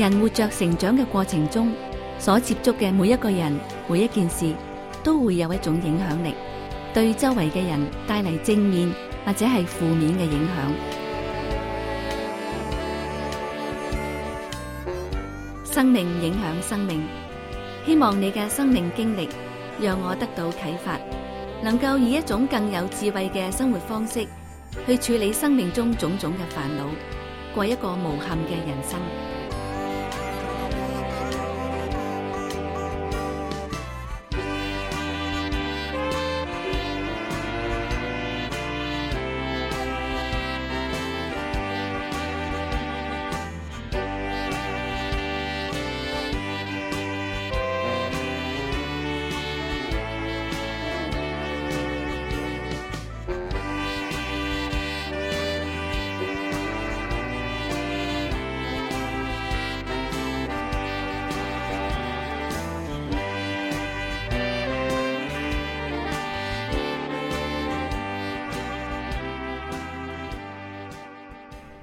人活着成長嘅過程中，所接觸嘅每一個人、每一件事，都會有一種影響力，對周圍嘅人帶嚟正面或者係負面嘅影響。 生命影響生命，希望你嘅生命經歷讓我得到啟發，能夠以一種更有智慧嘅生活方式去處理生命中種種嘅煩惱，過一個無憾嘅人生。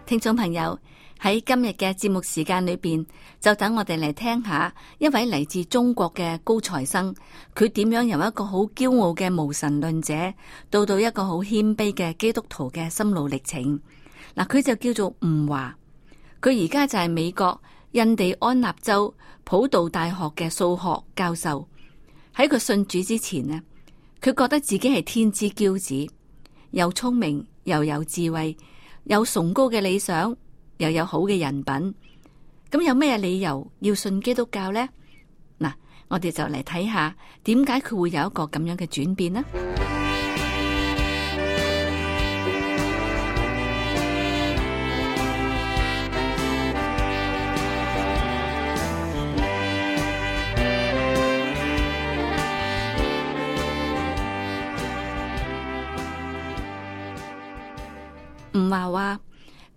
聽眾朋友，喺今日嘅節目時間裏邊，就等我哋嚟聽下一位嚟自中國嘅高材生，佢點樣由一個好驕傲嘅無神論者，到到一個好謙卑嘅基督徒嘅心路歷程。嗱，佢就叫做吳華，佢而家就係美國印第安納州普渡大學嘅數學教授。喺佢信主之前呢，佢覺得自己係天之驕子，又聰明又有智慧。有崇高嘅理想，又有好嘅人品，咁有咩理由要信基督教呢？嗱，我哋就嚟睇下點解佢會有一個咁樣嘅轉變呢？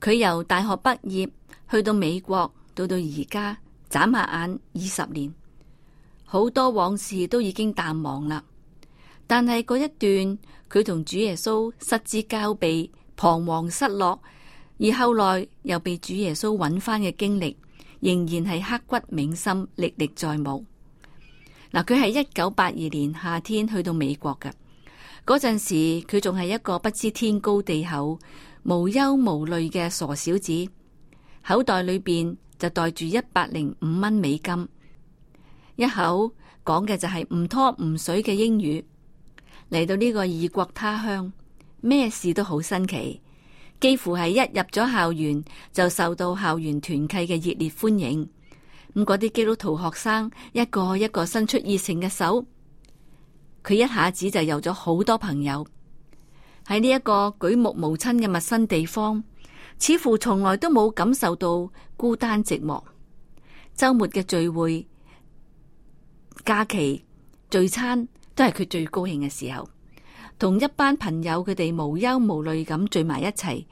佢由大學畢業去到美國，到到而家眨下眼二十年，好多往事都已經淡忘啦。但係嗰一段佢同主耶穌失之交臂，彷徨失落，而後來又被主耶穌搵翻嘅經歷，仍然係刻骨銘心，歷歷在目。嗱，佢係一九八二年夏天去到美國嘅嗰陣時，佢仲係一個不知天高地厚。無憂無慮嘅傻小子，口袋裏邊就袋住一百零五蚊美金，一口講嘅就係唔拖唔水嘅英語。嚟到呢個異國他鄉，咩事都好新奇，幾乎係一入咗校園就受到校園團契嘅熱烈歡迎。咁嗰啲基督徒學生一個一個伸出熱情嘅手，佢一下子就有咗好多朋友。喺呢一個舉目無親嘅陌生地方，似乎從來都冇感受到孤單寂寞。周末嘅聚會、假期、聚餐，都係佢最高興嘅時候。同一班朋友佢哋無憂無慮咁聚埋一齊，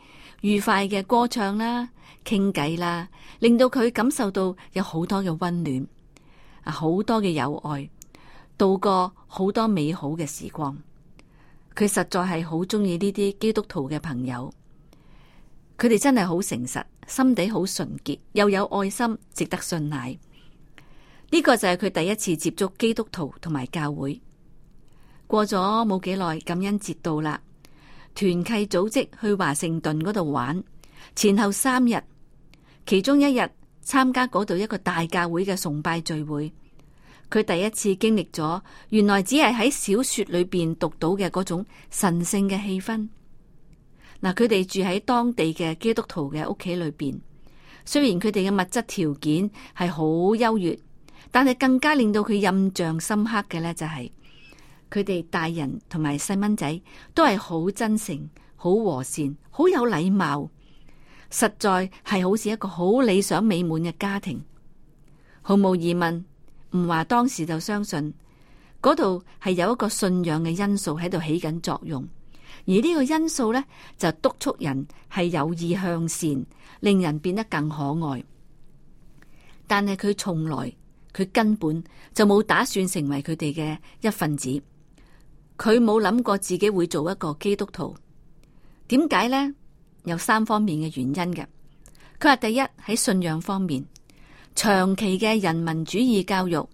愉快嘅歌唱啦、傾偈啦，令到佢感受到有好多嘅溫暖，啊，好多嘅友愛，度過好多美好嘅時光。佢實在係好鍾意呢啲基督徒嘅朋友，佢哋真係好誠實，心底好純潔，又有愛心，值得信賴。呢個就係佢第一次接觸基督徒同埋教會。過咗冇幾耐，感恩節到啦，團契組織去華盛頓嗰度玩，前後三日，其中一日參加嗰度一個大教會嘅崇拜聚會。佢第一次經歷咗，原來只係喺小說裏邊讀到嘅嗰種神聖嘅氣氛。嗱，佢哋住喺當地嘅基督徒嘅屋企裏邊，雖然佢哋嘅物質條件係好優越，但係更加令到佢印象深刻嘅咧、就是，就係佢哋大人同埋細蚊仔都係好真誠、好和善、好有禮貌，實在係好似一個好理想美滿嘅家庭，毫無疑問。唔話當時就相信嗰度係有一個信仰嘅因素喺度起緊作用，而呢個因素咧就督促人係有意向善，令人變得更可愛。但係佢從來，佢根本就冇打算成為佢哋嘅一份子，佢冇諗過自己會做一個基督徒。點解咧？有三方面嘅原因嘅。佢話第一，喺信仰方面。長期嘅人民主義教育，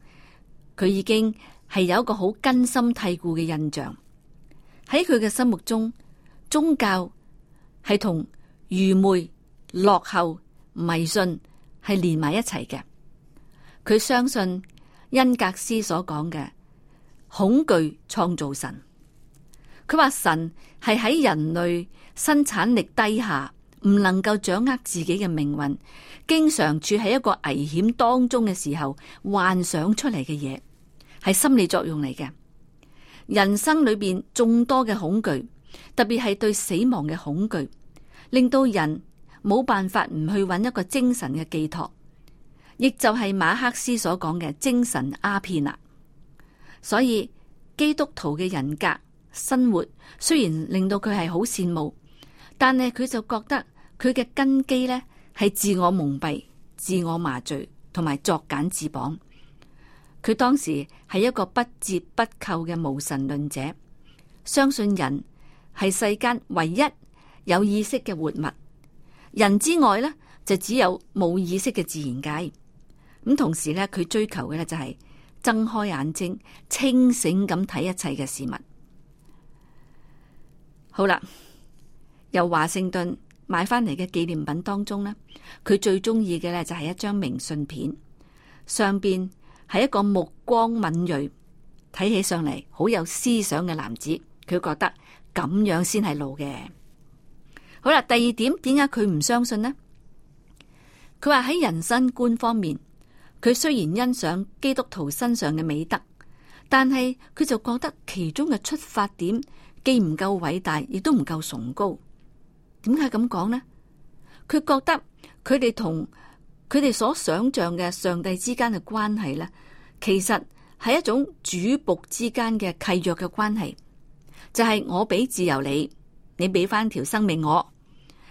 佢已經係有一個好根深蒂固嘅印象。喺佢嘅心目中，宗教係同愚昧、落後、迷信係連埋一齊嘅。佢相信恩格斯所講嘅恐懼創造神。佢話神係喺人類生產力低下。唔能夠掌握自己嘅命運，經常處喺一個危險當中嘅時候，幻想出嚟嘅嘢，係心理作用嚟嘅。人生裏邊眾多嘅恐懼，特別係對死亡嘅恐懼，令到人冇辦法唔去揾一個精神嘅寄託，亦就係馬克思所講嘅精神鴉片啦。所以基督徒嘅人格生活，雖然令到佢係好羨慕，但係佢就覺得。佢嘅根基呢，係自我蒙蔽、自我麻醉同埋作繭自綁。佢當時係一個不折不扣嘅無神論者，相信人係世間唯一有意識嘅活物，人之外呢，就只有冇意識嘅自然界。咁同時呢，佢追求嘅呢，就係睜開眼睛，清醒咁睇一切嘅事物。好啦，由華盛頓。買翻嚟嘅紀念品當中呢，佢最中意嘅呢就係一張明信片，上邊係一個目光敏銳、睇起上嚟好有思想嘅男子，佢覺得咁樣先係路嘅。好啦，第二點，點解佢唔相信呢？佢話喺人生觀方面，佢雖然欣賞基督徒身上嘅美德，但係佢就覺得其中嘅出發點既唔夠偉大，亦都唔夠崇高。點解咁講呢？佢覺得佢哋同佢哋所想象嘅上帝之間嘅關係咧，其實係一種主僕之間嘅契約嘅關係，就係我俾自由你，你俾翻條生命我，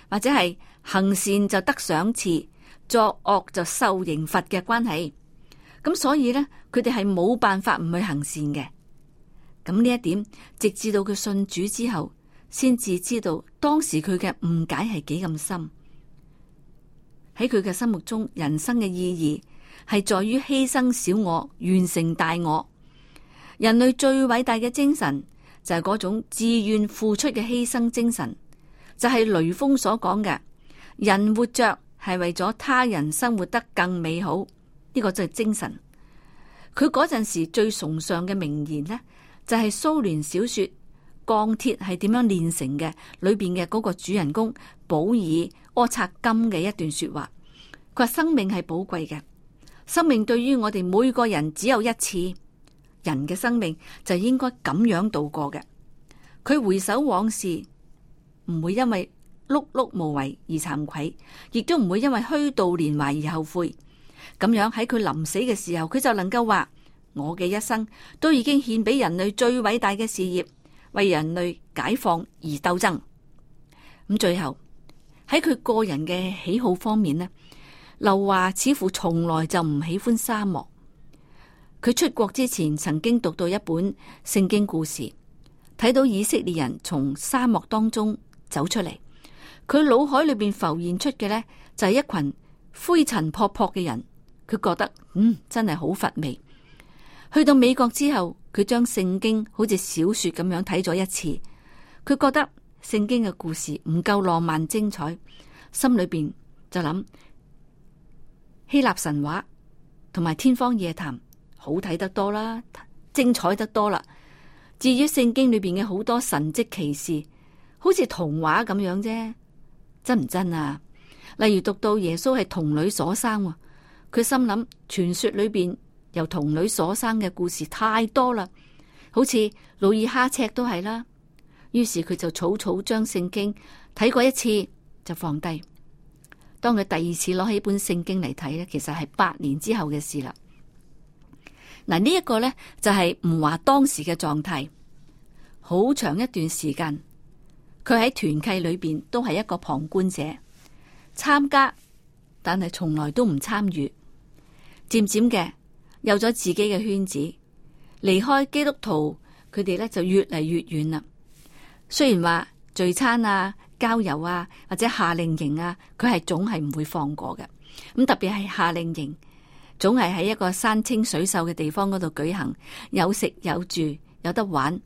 或者係行善就得賞賜，作惡就受刑罰嘅關係。咁所以咧，佢哋係冇辦法唔去行善嘅。咁呢一點，直至到佢信主之後。先至知道當時佢嘅誤解係幾咁深，喺佢嘅心目中，人生嘅意義係在於犧牲小我，完成大我。人類最偉大嘅精神就係嗰種自願付出嘅犧牲精神，就係雷鋒所講嘅：人活着係為咗他人生活得更美好。呢個就係精神。佢嗰陣時最崇尚嘅名言呢，就係蘇聯小說。鋼鐵係點樣煉成嘅？裏邊嘅嗰個主人公保爾柯察金嘅一段說話，佢話，生命係寶貴嘅，生命對於我哋每個人只有一次，人嘅生命就應該咁樣度過嘅。佢回首往事，唔會因為碌碌無為而慚愧，亦都唔會因為虛度年華而後悔。咁樣喺佢臨死嘅時候，佢就能夠話：我嘅一生都已經獻俾人類最偉大嘅事業。為人類解放而鬥爭。咁最後喺佢個人嘅喜好方面呢，劉華似乎從來就唔喜歡沙漠。佢出國之前曾經讀到一本聖經故事，睇到以色列人從沙漠當中走出嚟，佢腦海裏邊浮現出嘅呢就係一群灰塵撲撲嘅人，佢覺得嗯，真係好乏味。去到美國之後，佢將聖經好似小說咁樣睇咗一次，佢覺得聖經嘅故事唔夠浪漫精彩，心裏邊就諗希臘神話同埋天方夜譚好睇得多啦，精彩得多啦。至於聖經裏邊嘅好多神跡奇事，好似童話咁樣啫，真唔真啊？例如讀到耶穌係童女所生，佢心諗傳說裏邊。由童女所生嘅故事太多啦，好似努爾哈赤都係啦。於是佢就草草將聖經睇過一次就放低。當佢第二次攞起本聖經嚟睇咧，其實係八年之後嘅事啦。嗱，呢一個咧就係吳華當時嘅狀態，好長一段時間佢喺團契裏邊都係一個旁觀者，參加但係從來都唔參與，漸漸嘅。有咗自己嘅圈子，離開基督徒佢哋咧就越嚟越遠啦。雖然話聚餐啊、郊遊啊或者夏令營啊，佢係總係唔會放過嘅。咁特別係夏令營，總係喺一個山清水秀嘅地方嗰度舉行，有食有住有得玩。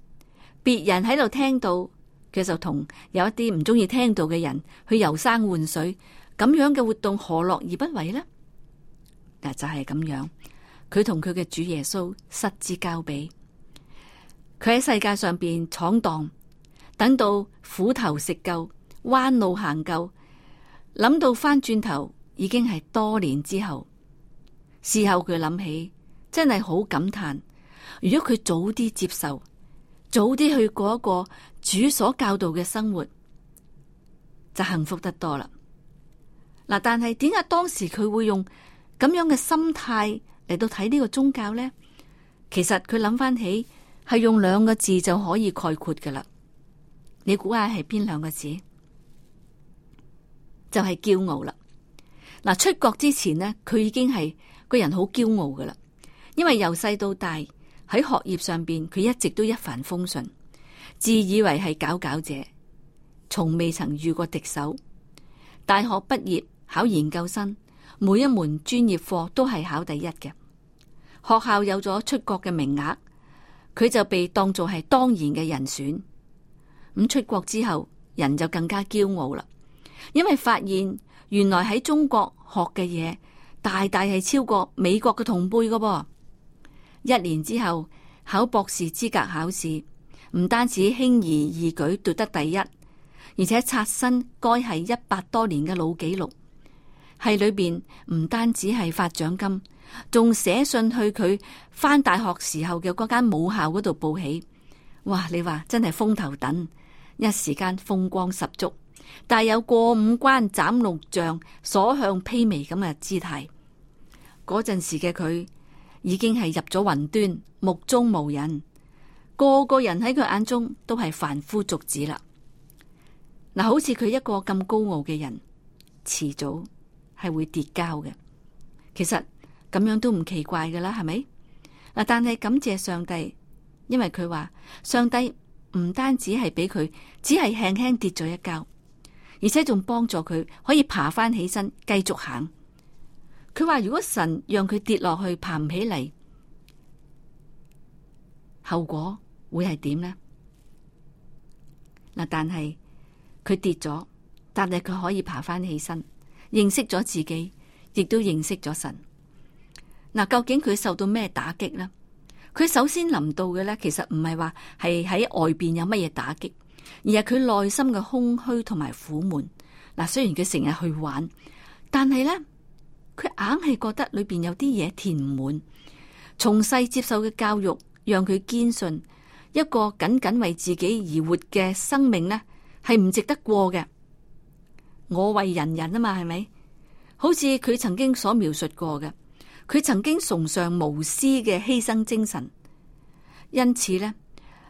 別人喺度聽到，佢就同有一啲唔中意聽到嘅人去遊山玩水，咁樣嘅活動何樂而不為呢？嗱，就係咁樣。佢同佢嘅主耶穌失之交臂，佢喺世界上邊闖蕩，等到苦頭食夠，彎路行夠，諗到翻轉頭已經係多年之後。事後佢諗起真係好感嘆，如果佢早啲接受，早啲去過一個主所教導嘅生活，就幸福得多啦。嗱，但係點解當時佢會用咁樣嘅心態？嚟到睇呢個宗教呢，其實佢諗翻起係用兩個字就可以概括噶啦。你估下係邊兩個字？就係驕傲啦。嗱，出國之前呢，佢已經係個人好驕傲噶啦。因為由細到大喺學業上邊，佢一直都一帆風順，自以為係佼佼者，從未曾遇過敵手。大學畢業考研究生。每一門專業課都係考第一嘅，學校有咗出國嘅名額，佢就被當做係當然嘅人選。咁出國之後，人就更加驕傲啦，因為發現原來喺中國學嘅嘢大大係超過美國嘅同輩噶噃。一年之後考博士資格考試，唔單止輕而易舉奪得第一，而且刷新該系一百多年嘅老紀錄。系裏邊唔單止係發獎金，仲寫信去佢翻大學時候嘅嗰間母校嗰度報喜。哇！你話真係風頭躉，一時間風光十足。但有過五關斬六將，所向披靡咁嘅姿態。嗰陣時嘅佢已經係入咗雲端，目中無人，個個人喺佢眼中都係凡夫俗子啦。嗱，好似佢一個咁高傲嘅人，遲早。係會跌跤嘅，其實咁樣都唔奇怪噶啦，係咪？嗱，但係感謝上帝，因為佢話上帝唔單止係俾佢，只係輕輕跌咗一跤，而且仲幫助佢可以爬翻起身繼續行。佢話如果神讓佢跌落去，爬唔起嚟，後果會係點呢？嗱，但係佢跌咗，但係佢可以爬翻起身。認識咗自己，亦都認識咗神。嗱、啊，究竟佢受到咩打擊呢？佢首先諗到嘅咧，其實唔係話係喺外邊有乜嘢打擊，而係佢內心嘅空虛同埋苦悶。嗱、啊，雖然佢成日去玩，但係咧，佢硬係覺得裏邊有啲嘢填唔滿。從細接受嘅教育，讓佢堅信一個僅僅為自己而活嘅生命咧，係唔值得過嘅。我為人人啊嘛，係咪？好似佢曾經所描述過嘅，佢曾經崇尚無私嘅犧牲精神，因此呢，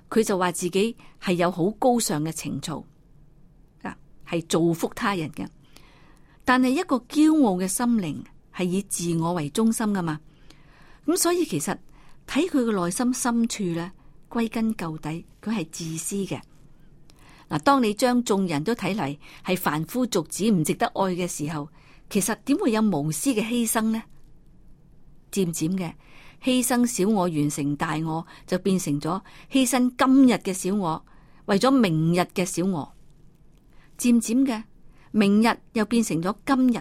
佢就話自己係有好高尚嘅情操，啊，係造福他人嘅。但係一個驕傲嘅心靈係以自我為中心噶嘛，咁所以其實睇佢嘅內心深處咧，歸根究底佢係自私嘅。嗱，當你將眾人都睇嚟係凡夫俗子唔值得愛嘅時候，其實點會有無私嘅犧牲呢？漸漸嘅犧牲小我，完成大我，就變成咗犧牲今日嘅小我，為咗明日嘅小我。漸漸嘅明日又變成咗今日，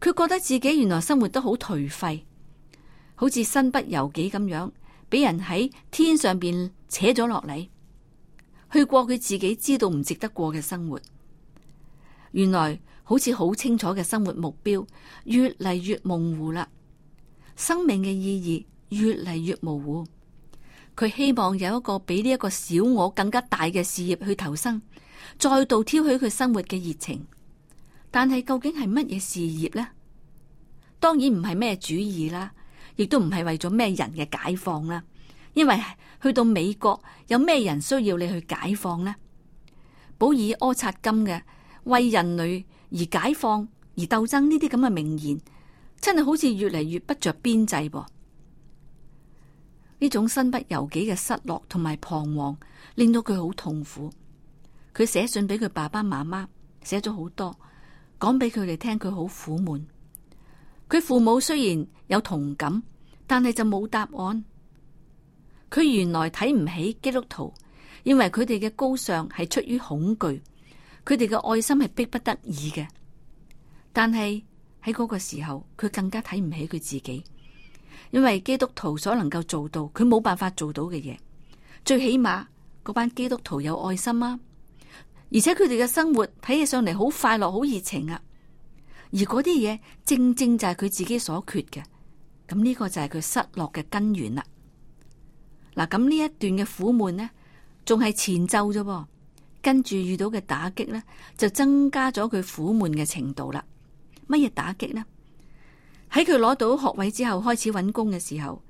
佢覺得自己原來生活都好頹廢，好似身不由己咁樣，俾人喺天上邊扯咗落嚟。去過佢自己知道唔值得過嘅生活，原來好似好清楚嘅生活目標越嚟越模糊啦，生命嘅意義越嚟越模糊。佢希望有一個比呢一個小我更加大嘅事業去投身，再度挑起佢生活嘅熱情。但係究竟係乜嘢事業呢？當然唔係咩主義啦，亦都唔係為咗咩人嘅解放啦。因為去到美國有咩人需要你去解放呢？保爾·柯察金嘅為人類而解放，而鬥爭呢啲咁嘅名言，真係好似越嚟越不着邊際噃。呢種身不由己嘅失落同埋彷徨，令到佢好痛苦。佢寫信俾佢爸爸媽媽，寫咗好多，講俾佢哋聽佢好苦悶。佢父母雖然有同感，但係就冇答案。佢原來睇唔起基督徒，因為佢哋嘅高尚係出於恐懼，佢哋嘅愛心係逼不得已嘅。但係喺嗰個時候，佢更加睇唔起佢自己，因為基督徒所能夠做到，佢冇辦法做到嘅嘢。最起碼嗰班基督徒有愛心啊，而且佢哋嘅生活睇起上嚟好快樂、好熱情啊。而嗰啲嘢正正就係佢自己所缺嘅，咁呢個就係佢失落嘅根源啦。嗱，咁呢一段嘅苦悶呢，仲係前奏啫，跟住遇到嘅打擊呢，就增加咗佢苦悶嘅程度啦。乜嘢打擊呢？喺佢攞到學位之後開始揾工嘅時候，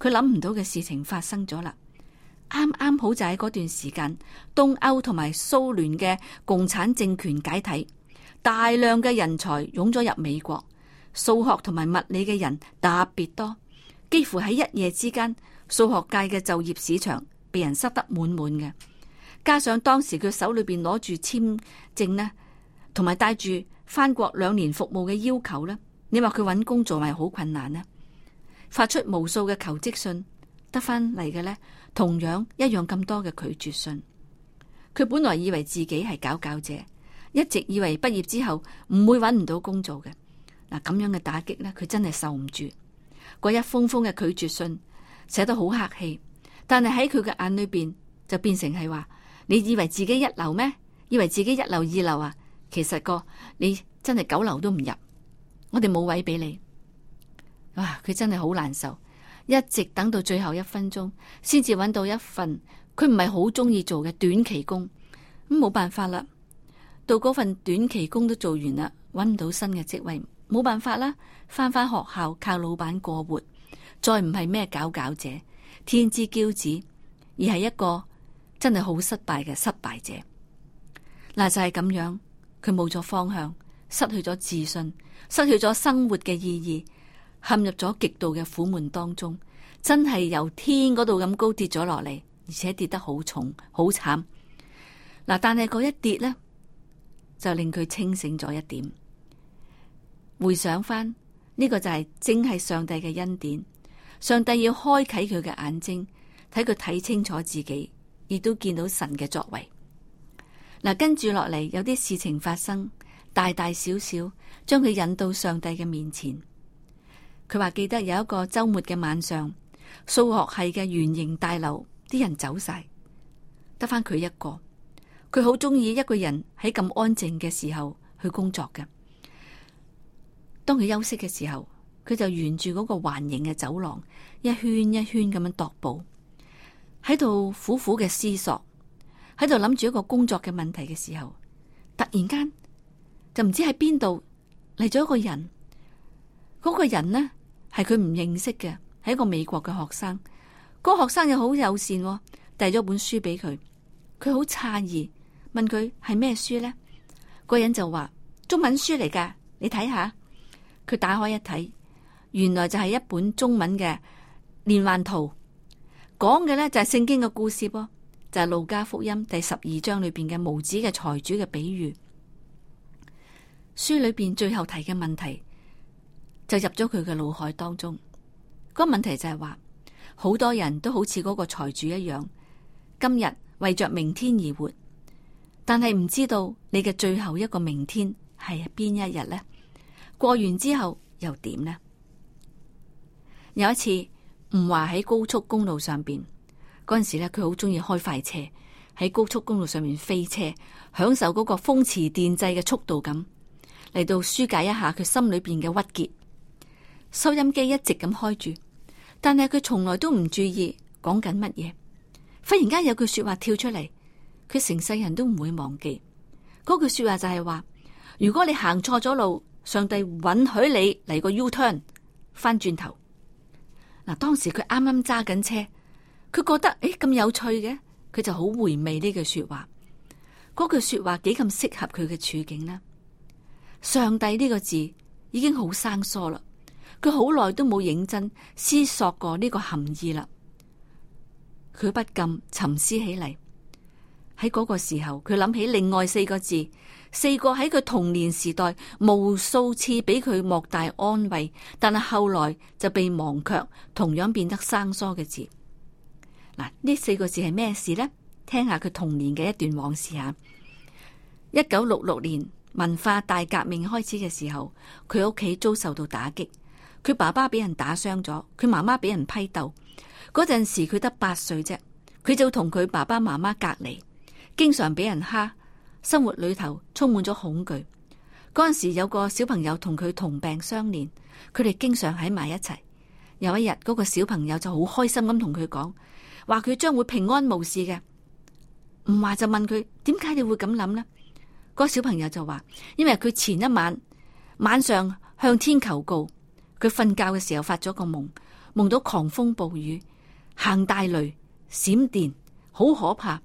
佢諗唔到嘅事情發生咗啦。啱啱好就喺嗰段時間，東歐同埋蘇聯嘅共產政權解體，大量嘅人才湧咗入美國，數學同埋物理嘅人特別多。幾乎喺一夜之間，數學界嘅就業市場被人塞得滿滿嘅。加上當時佢手裏邊攞住簽證呢，同埋帶住返國兩年服務嘅要求呢，你話佢搵工作係好困難呢，發出無數嘅求職信，得翻嚟嘅呢，同樣一樣咁多嘅拒絕信。佢本來以為自己係佼佼者，一直以為畢業之後唔會搵唔到工作嘅。嗱，咁樣嘅打擊呢，佢真係受唔住。嗰一封封嘅拒絕信寫得好客氣，但係喺佢嘅眼裏面就變成係話：你以為自己一流咩？以為自己一流二流啊？其實個你真係九流都唔入，我哋冇位俾你。哇！佢真係好難受，一直等到最後一分鐘，先至搵到一份佢唔係好中意做嘅短期工。咁冇辦法啦，到嗰份短期工都做完啦，搵唔到新嘅職位。冇辦法啦，翻翻學校靠老闆過活，再唔係咩佼佼者、天之驕子，而係一個真係好失敗嘅失敗者。嗱，就係咁樣，佢冇咗方向，失去咗自信，失去咗生活嘅意義，陷入咗極度嘅苦悶當中，真係由天嗰度咁高跌咗落嚟，而且跌得好重，好慘。嗱，但係嗰一跌呢，就令佢清醒咗一點。回想翻呢個就係正係上帝嘅恩典，上帝要開啟佢嘅眼睛，睇佢睇清楚自己，亦都見到神嘅作為。嗱，跟住落嚟有啲事情發生，大大小小，將佢引到上帝嘅面前。佢話記得有一個周末嘅晚上，數學系嘅圓形大樓，啲人走晒，得翻佢一個。佢好中意一個人喺咁安靜嘅時候去工作嘅。當佢休息嘅時候，佢就沿住嗰個環形嘅走廊一圈一圈咁樣踱步，喺度苦苦嘅思索，喺度諗住一個工作嘅問題嘅時候，突然間就唔知喺邊度嚟咗一個人。嗰個人呢係佢唔認識嘅，係一個美國嘅學生。嗰個學生又好友善喎，遞咗本書俾佢。佢好詫異，問佢係咩書咧？個人就話中文書嚟㗎，你睇下。佢打開一睇，原來就係一本中文嘅連環圖，講嘅呢就係聖經嘅故事噃，就係、是、路加福音第十二章裏邊嘅無子嘅財主嘅比喻。書裏邊最後提嘅問題，就入咗佢嘅腦海當中。個問題就係話，好多人都好似嗰個財主一樣，今日為着明天而活，但係唔知道你嘅最後一個明天係邊一日呢？過完之後又點呢？有一次吳華喺高速公路上面嗰陣時咧，佢好中意開快車，喺高速公路上面飛車，享受嗰個風馳電掣嘅速度感，嚟到紓解一下佢心裏邊嘅鬱結。收音機一直咁開住，但係佢從來都唔注意講緊乜嘢。忽然間有句說話跳出嚟，佢成世人都唔會忘記嗰句說話就係話：如果你行錯咗路。上帝允許你嚟個 U turn 翻轉頭。嗱，當時佢啱啱揸緊車，佢覺得誒咁有趣嘅，佢就好回味呢句說話，嗰句說話幾咁適合佢嘅處境呢？上帝呢個字已經好生疏啦，佢好耐都冇認真思索過呢個含義啦。佢不禁沉思起嚟，喺嗰個時候佢諗起另外四個字。四個喺佢童年時代無數次俾佢莫大安慰，但係後來就被忘卻，同樣變得生疏嘅字。嗱，呢四個字係咩事呢？聽下佢童年嘅一段往事吓。一九六六年文化大革命開始嘅時候，佢屋企遭受到打擊，佢爸爸俾人打傷咗，佢媽媽俾人批鬥。嗰陣時佢得八歲啫，佢就同佢爸爸媽媽隔離，經常俾人蝦。生活裏頭充滿咗恐懼。嗰陣時有個小朋友同佢同病相憐，佢哋經常喺埋一齊。有一日嗰個小朋友就好開心咁同佢講，話佢將會平安無事嘅。吳華就問佢：點解你會咁諗呢？嗰個小朋友就話：因為佢前一晚晚上向天求告，佢瞓覺嘅時候發咗個夢，夢到狂風暴雨、行大雷、閃電，好可怕。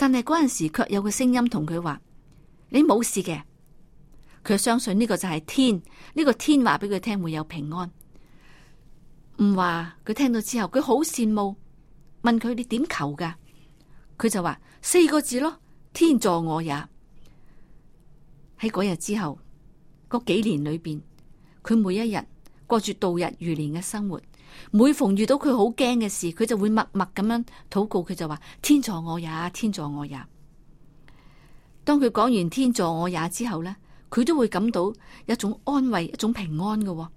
但係嗰陣時卻有個聲音同佢話：你冇事嘅。佢相信呢個就係天，呢個天話俾佢聽會有平安。唔話佢聽到之後，佢好羨慕，問佢你點求噶？佢就話四個字咯：天助我也。喺嗰日之後，嗰幾年裏邊，佢每一日過住度日如年嘅生活。每逢遇到佢好驚嘅事，佢就會默默咁樣禱告，佢就話：天助我也，天助我也。當佢講完天助我也之後呢，佢都會感到一種安慰，一種平安嘅哦。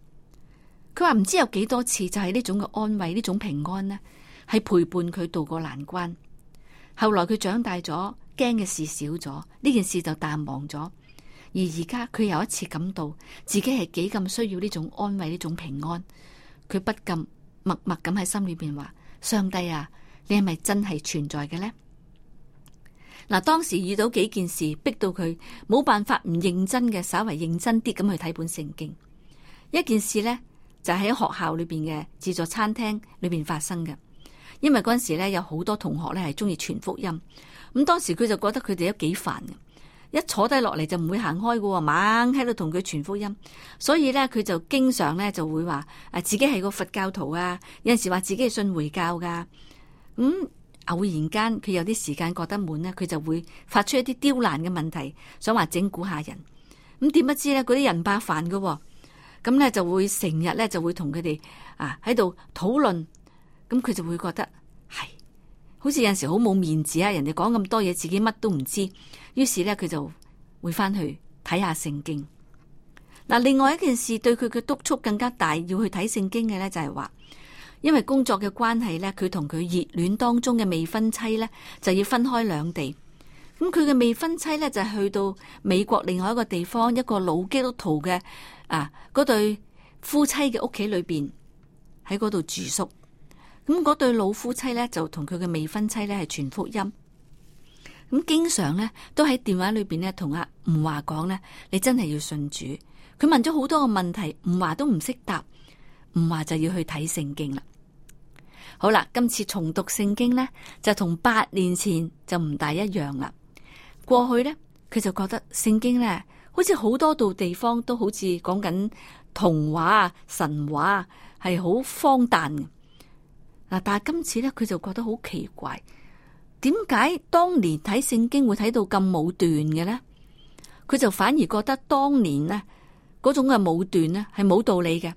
佢話唔知有幾多次就係呢種嘅安慰，呢種平安呢，係陪伴佢渡過難關。後來佢長大咗，驚嘅事少咗，呢件事就淡忘咗。而而家，佢又一次感到自己係幾咁需要呢種安慰，呢種平安。佢不禁默默咁喺心裏邊話：「上帝啊，你係咪真係存在嘅呢？」嗱，當時遇到幾件事，逼到佢冇辦法唔認真嘅，稍為認真啲咁去睇本聖經。一件事呢，就係喺學校裏邊嘅自助餐廳裏邊發生嘅，因為嗰陣時呢有好多同學呢係中意傳福音，咁當時佢就覺得佢哋都幾煩嘅。一坐低落嚟就唔會行開嘅喎、哦，猛喺度同佢傳福音，所以咧佢就經常咧就會話，誒自己係個佛教徒啊，有陣時話自己係信回教噶，咁、嗯、偶然間佢有啲時間覺得悶咧，佢就會發出一啲刁難嘅問題，想話整蠱下人，咁、嗯、點不知咧嗰啲人怕煩嘅、哦，咁、嗯、咧就會成日咧就會同佢哋啊喺度討論，咁佢、嗯、就會覺得係，好似有陣時好冇面子啊，人哋講咁多嘢，自己乜都唔知。於是咧，佢就會翻去睇下聖經。嗱，另外一件事對佢嘅督促更加大，要去睇聖經嘅咧，就係話，因為工作嘅關係咧，佢同佢熱戀當中嘅未婚妻咧，就要分開兩地。咁佢嘅未婚妻咧，就去到美國另外一個地方，一個老基督徒嘅啊嗰對夫妻嘅屋企裏邊喺嗰度住宿。咁嗰對老夫妻咧，就同佢嘅未婚妻咧，係傳福音。咁經常咧，都喺電話裏邊咧，同阿吳華講咧，你真係要信主。佢問咗好多個問題，吳華都唔識答，吳華就要去睇聖經啦。好啦，今次重讀聖經咧，就同八年前就唔大一樣啦。過去咧，佢就覺得聖經咧，好似好多度地方都好似講緊童話、神話啊，係好荒誕嘅。嗱，但係今次咧，佢就覺得好奇怪。點解當年睇聖經會睇到咁武斷嘅呢？佢就反而覺得當年咧嗰種嘅武斷咧係冇道理嘅。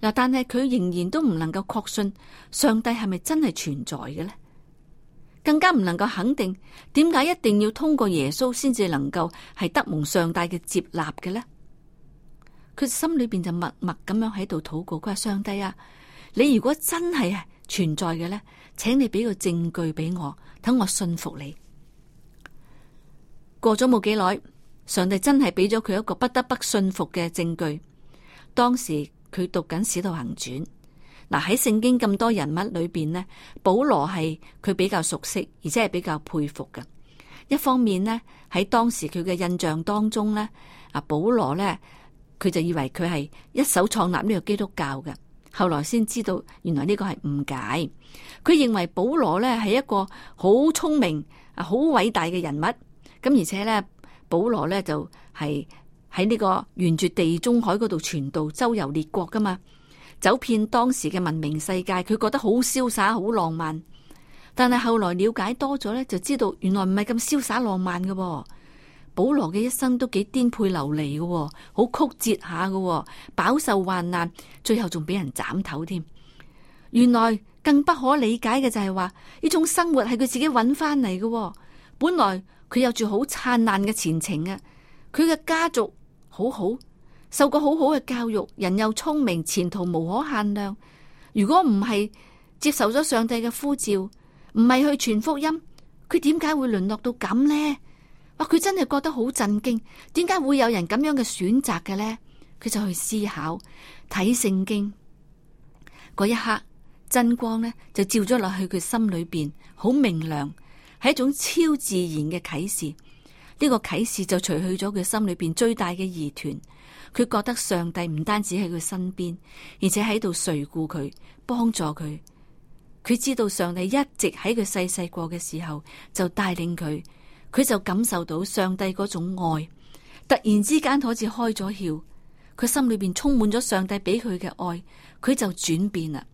嗱，但係佢仍然都唔能夠確信上帝係咪真係存在嘅呢？更加唔能夠肯定點解一定要通過耶穌先至能夠係德蒙上帝嘅接納嘅呢？佢心裏邊就默默咁樣喺度禱告：佢話上帝啊，你如果真係啊！存在嘅呢，請你俾個證據俾我，等我信服你。過咗冇幾耐，上帝真係俾咗佢一個不得不信服嘅證據。當時佢讀緊《使徒行傳》，嗱、啊、喺聖經咁多人物裏邊呢，保羅係佢比較熟悉，而且係比較佩服嘅。一方面呢，喺當時佢嘅印象當中呢，啊保羅呢，佢就以為佢係一手創立呢個基督教嘅。後來先知道，原來呢個係誤解。佢認為保羅呢係一個好聰明、啊好偉大嘅人物，咁而且呢，保羅呢就係喺呢個沿住地中海嗰度傳道、周遊列國噶嘛，走遍當時嘅文明世界，佢覺得好瀟灑、好浪漫。但係後來了解多咗呢，就知道原來唔係咁瀟灑浪漫嘅、哦。保羅嘅一生都幾顛沛流離嘅、哦，好曲折下嘅、哦，飽受患難，最後仲俾人斬頭添。原來更不可理解嘅就係話，呢種生活係佢自己搵翻嚟嘅。本來佢有住好燦爛嘅前程啊，佢嘅家族好好，受過好好嘅教育，人又聰明，前途無可限量。如果唔係接受咗上帝嘅呼召，唔係去傳福音，佢點解會淪落到咁呢？話佢、啊、真係覺得好震驚，點解會有人咁樣嘅選擇嘅呢？佢就去思考睇聖經。嗰一刻，真光呢就照咗落去佢心裏邊，好明亮，係一種超自然嘅啟示。呢個啟示就除去咗佢心裏邊最大嘅疑團。佢覺得上帝唔單止喺佢身邊，而且喺度垂顧佢、幫助佢。佢知道上帝一直喺佢細細個嘅時候就帶領佢。佢就感受到上帝嗰種愛，突然之間好似開咗竅，佢心裏邊充滿咗上帝俾佢嘅愛，佢就轉變啦。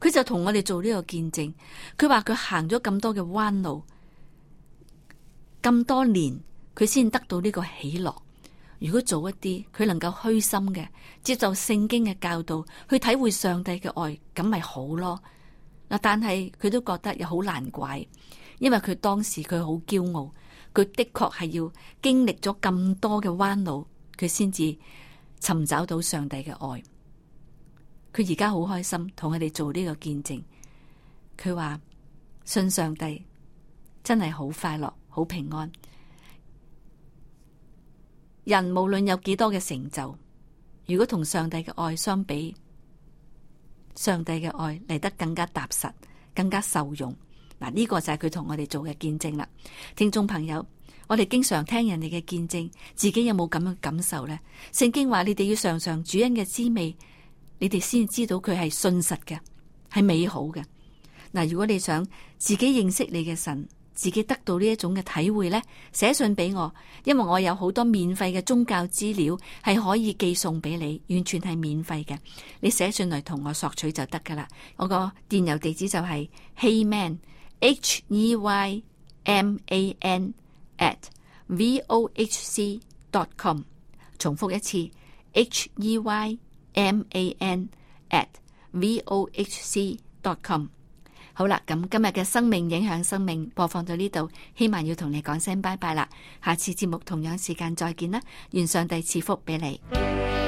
佢就同我哋做呢個見證，佢話佢行咗咁多嘅彎路，咁多年佢先得到呢個喜樂。如果做一啲，佢能夠虛心嘅接受聖經嘅教導，去體會上帝嘅愛，咁咪好咯。嗱，但係佢都覺得又好難怪。因為佢當時佢好驕傲，佢的確係要經歷咗咁多嘅彎路，佢先至尋找到上帝嘅愛。佢而家好開心，同佢哋做呢個見證。佢話信上帝真係好快樂，好平安。人無論有幾多嘅成就，如果同上帝嘅愛相比，上帝嘅愛嚟得更加踏實，更加受用。嗱，呢個就係佢同我哋做嘅見證啦。聽眾朋友，我哋經常聽人哋嘅見證，自己有冇咁嘅感受呢？聖經話：你哋要嘗嘗主恩嘅滋味，你哋先知道佢係信實嘅，係美好嘅。嗱，如果你想自己認識你嘅神，自己得到呢一種嘅體會呢，寫信俾我，因為我有好多免費嘅宗教資料係可以寄送俾你，完全係免費嘅。你寫信嚟同我索取就得噶啦。我個電郵地址就係：hey man。Heyman at vohc.com，重複一次 H。Heyman at vohc.com。O H、com。好啦，咁今日嘅生命影響生命播放到呢度，希望要同你講聲拜拜啦。下次節目同樣時間再見啦。願上帝賜福俾你。